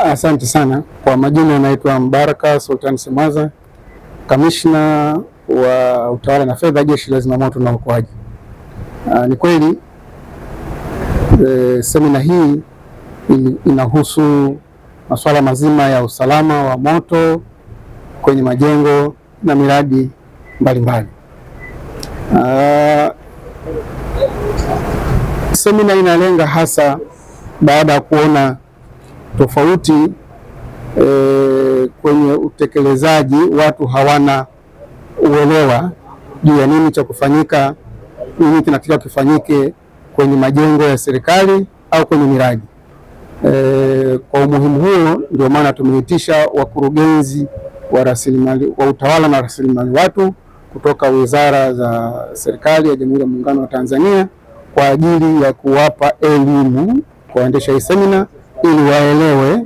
Ah, asante sana kwa majina, anaitwa Mbaraka Sultan Simaza, kamishna wa utawala na fedha, jeshi la zimamoto na uokoaji. Ah, ni kweli e, semina hii inahusu masuala mazima ya usalama wa moto kwenye majengo na miradi mbalimbali. Ah, semina inalenga hasa baada ya kuona tofauti e, kwenye utekelezaji watu hawana uelewa juu ya nini cha kufanyika, nini kinatakiwa kifanyike kwenye majengo ya serikali au kwenye miradi e. Kwa umuhimu huo ndio maana tumeitisha wakurugenzi wa rasilimali wa utawala na rasilimali watu kutoka wizara za serikali ya Jamhuri ya Muungano wa Tanzania kwa ajili ya kuwapa elimu kuendesha hii semina ili waelewe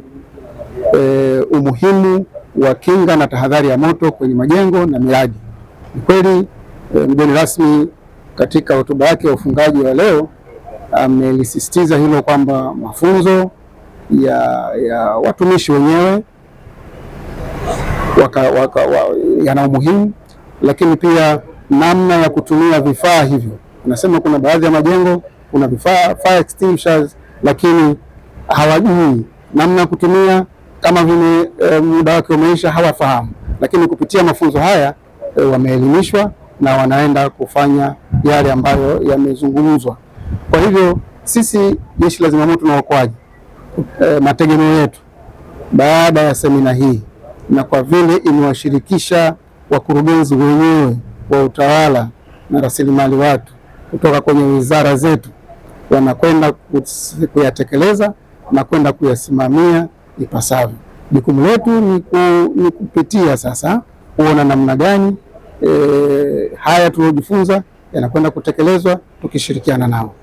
e, umuhimu wa kinga na tahadhari ya moto kwenye majengo na miradi. Ni kweli e, mgeni rasmi katika hotuba yake ya ufungaji wa leo amelisisitiza hilo kwamba mafunzo ya, ya watumishi wenyewe waka, waka, wa, yana umuhimu, lakini pia namna ya kutumia vifaa hivyo. Anasema kuna baadhi ya majengo kuna vifaa fire extinguishers, lakini hawajui namna ya kutumia, kama vile e, muda wake umeisha, hawafahamu. Lakini kupitia mafunzo haya e, wameelimishwa na wanaenda kufanya yale ambayo yamezungumzwa. Kwa hivyo sisi Jeshi la Zimamoto na Uokoaji e, mategemeo yetu baada ya semina hii na kwa vile imewashirikisha wakurugenzi wenyewe wa utawala na rasilimali watu kutoka kwenye wizara zetu, wanakwenda kuyatekeleza na kwenda kuyasimamia ipasavyo. Jukumu letu ni, ku, ni kupitia sasa kuona namna gani e, haya tuliojifunza yanakwenda kutekelezwa tukishirikiana nao.